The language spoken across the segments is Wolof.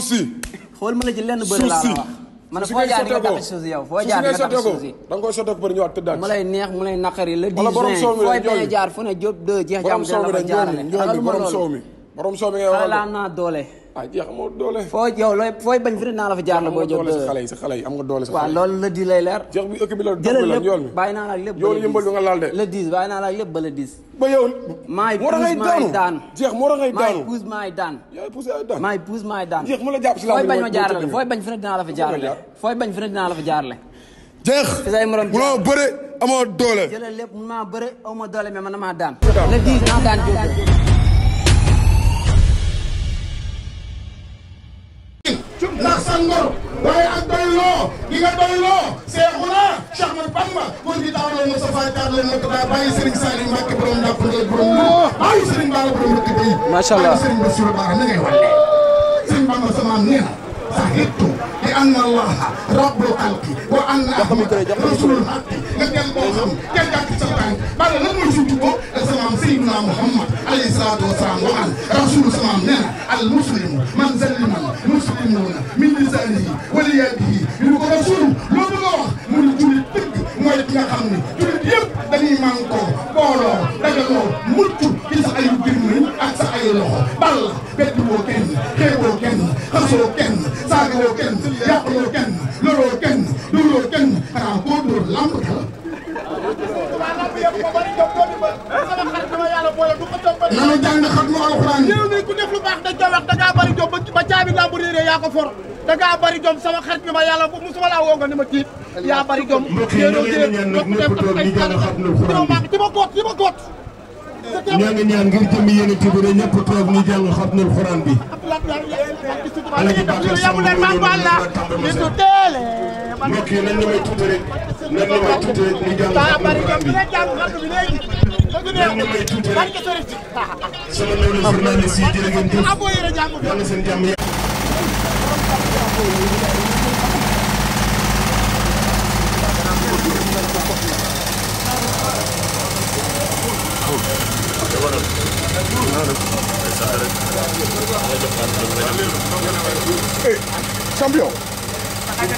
suuf si. ma la ci lenn bëri laa la wax. man foo jaar nga tax suuf si foo jaar nga tax suuf si da nga koy sotteeku bëri ñëwaat tëddaat mu lay neex mu lay naqari la 10 juin fooy bañ jaar fu ne Diop 2 jeex jàmm dina borom soow borom soow mi ngay wax naa doole ah jeex amoo doole. foo yow looy fooy bañ firi naa la fa jaar la. boo jóg doole si xale la di lay le dix ba le dix. ba moo tax la jàpp si laa a fooy bañ ma jaarale fooy bañ fi doole jëlal lépp mun maa bëre amoo doole mais maa daan ak ngor waaye ak doyloo di nga doyloo Seexuna Cheikh Ahmadou Bamba mun gi taxawal Moustapha Diallo Moussa Ba na ngay wàllee. Serigne Bamba na sahittu bi anna wa an rasul sama am nee nga xam ni jullit yëpp dañuy mànkoo booloo dajaloo mucc ci sa ayu gémmiñ ak sa ayu loxo bal la bettuwoo kenn xeeboo kenn xasoo kenn saagawoo kenn yàqaloo kenn loroo kenn dóoroo kenn xanaa koo dóor lamb la nanu jàng xatmu alxuraan ku def lu baax dañ ko wax da bi làmbu réeré yaa ko for da ngaa bari jom sama xarit bi ma yàlla musuma laa woo nga ni ma tiit yaa bari jom yéenoo jëlee dokkuteem ak ay xarit ñoo maa di ma góot di ma góot ñoo ngi ñaan ngir jëm yéen ci bu ne ñëpp toog ñu jàng xatnul xuraan bi alaji bakar sama leen ma balla ni su teele mbokk yi nañ ñu may tuuti rek nañ ñu may tuuti rek ñu jàng xatnul xuraan bi tuuti champion Alo.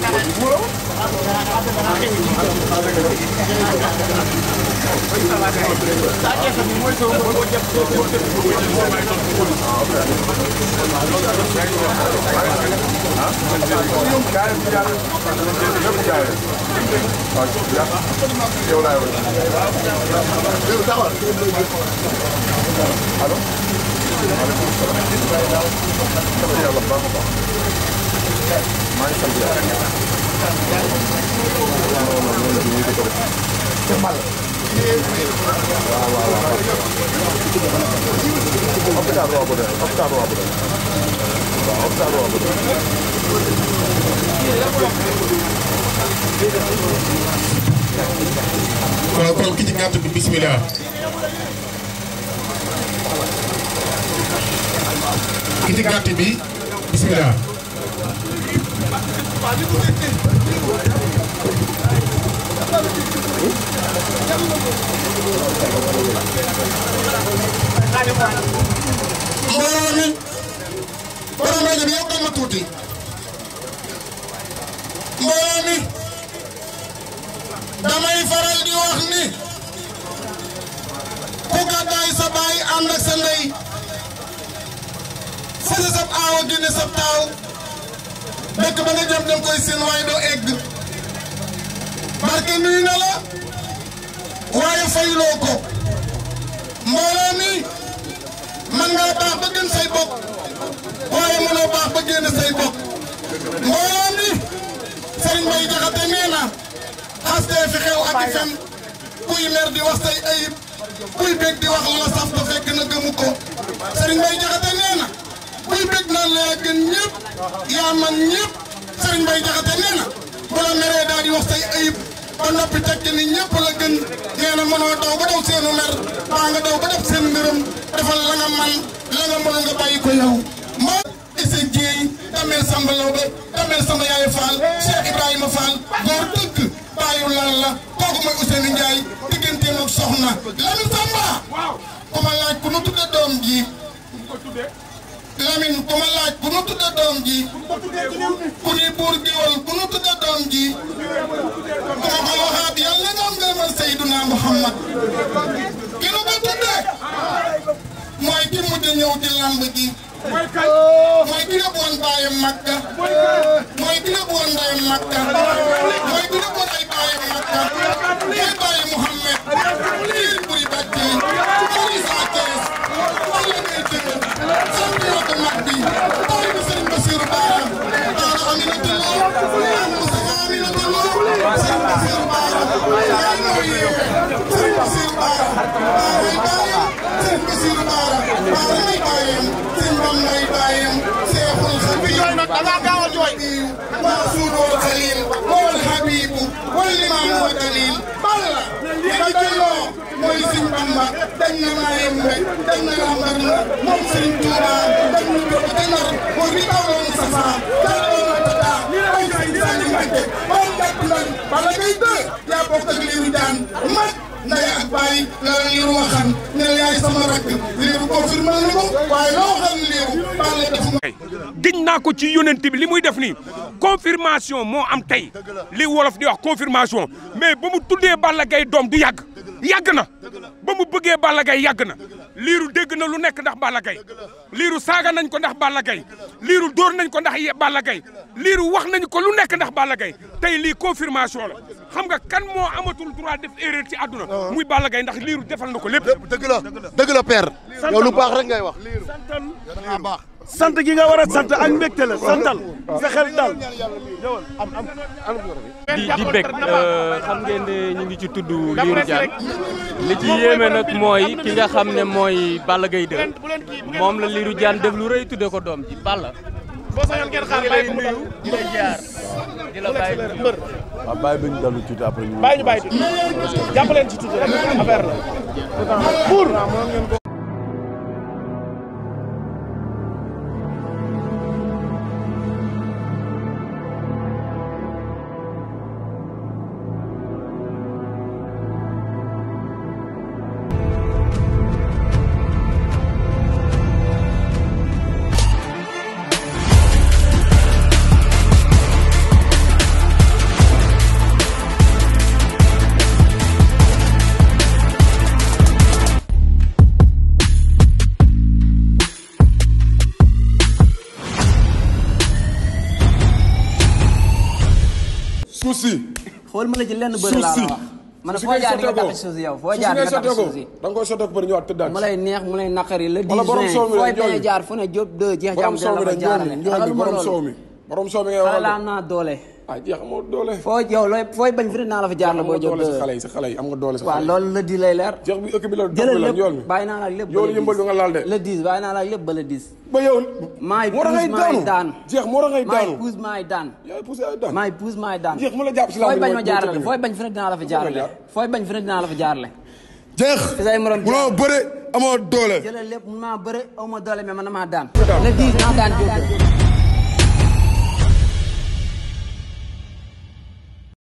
Aleyküm selam. Yalla bak bak. maa ngi sant yàlla. waaw waaw waaw. hôpital Roi Baudouin hôpital Roi Baudouin. waaw hôpital Roi Baudouin. waaw kon ki ci gàtt bi bismillah. ki ci gàtt bi bismillah. mbooloo mi borom rajo bi yow ma tuuti mbooloo damay faral di wax ni ku gàddaay sa baay ànd ak sa ndey fële sa aawa génne sa taaw dëkk ba nga jëm da koy seen waaye doo egg barke nuyu na la waaye fayloo ko mbooloo man ngaa baax ba gën say bokk waaye mënoo baax ba génn say bokk mbooloo mi Serigne Jaxate nee na xastee fi xew ak fen kuy mer di wax say ayib kuy bég di wax la saf ba fekk na gëmu ko Serigne Mbaye Jaxate nee na kuy bég naan la yaa gën ñëpp yaa man ñëpp Serigne Mbaye Diakhaté nee na la meree daal di wax say ayib ba noppi tekki ni ñëpp la gën nee na mënoo daw ba daw seenu mer baa nga daw ba def seen mbiram defal la nga man la nga mën nga bàyyi ko yow moo ese jiey dameel samba law be dameel samba yaay Fall Cheikh Ibrahima Fall góor dëgg bàyyu lan la kooku mooy Ousseynou Ndiaye digganteem ku ma laaj ku nu doom ji Lamine ku ma laaj ku nu tudde doom ji ku ni buur géwal ku nu tudde doom ji ku ma ko waxaat yàlla nga am ngërëmal Seyduna Muhammad ki nu ko tudde mooy ki mujj ñëw ci lamb ji mooy ki yóbbu woon baayam Makka mooy ki yóbbu woon ndeyam Makka mooy ki yóbbu woon ay baayam Makka mooy baayu Muhammad lii buri bàccee baayam sëñ bam nay baayam seexul xabiib maa suurul xaliil wal xabiibu wal limaam wa daliil balla li ma jëloo mooy sëñ Bamba dañ na maayam rek dañ na lambar la moom sëñ Tuubaa dañ na jot a nar dana liir waxan ne yaay naa ko ci yonent bi li muy def nii confirmation moo am tey li wolof di wax confirmation mais ba mu tuddee Balla Gaye doom du yàgg yàgg na ba mu bëggee Balla Gaye yàgg na liiru dégg na lu nekk ndax Balla Gaye liiru saaga nañ ko ndax Balla Gaye liiru door nañ ko ndax Balla Gaye liiru wax nañ ko lu nekk ndax Balla Gaye tey lii confirmation la xam nga kan moo amatul droit def erreur ci àdduna oh. muy Balla Gaye ndax liiru defal na ko lépp dëgg la dëgg la père yow lu baax rek ngay wax santal baax sant gi nga war a sant ak mbégte la santal sa xel daal di di euh, xam ngeen ñu ngi ci tudd Lirou Diane li ci yéeme nag mooy ki nga xam ne mooy Balla Gaye 2 moom la Lirou Diane def lu rëy tudde ko doom ji Balla ngi lay nuyu di la ba suuf si. ma la ci lenn bëri laa la wax. man foo jaar di nga tax suuf si yow foo jaar di nga tax mu lay neex mu lay naqari la 10 juin fooy jaar fu ne Diop 2 jeex jàmm dina la fa naa doole ah jeex amoo doole. foo yow looy fooy bañ firi naa la fa jaar la boo. doole si xale yi si xale yi am nga doole si la di lay leer. jeex bi ëkk bi la doole le ba le 10. ba la jàpp si laa ma jaarale fooy bañ firi naa la fa jaarale fooy bañ firi naa la fa jaarale. doole. jëlal maa daan. le 10 naa daan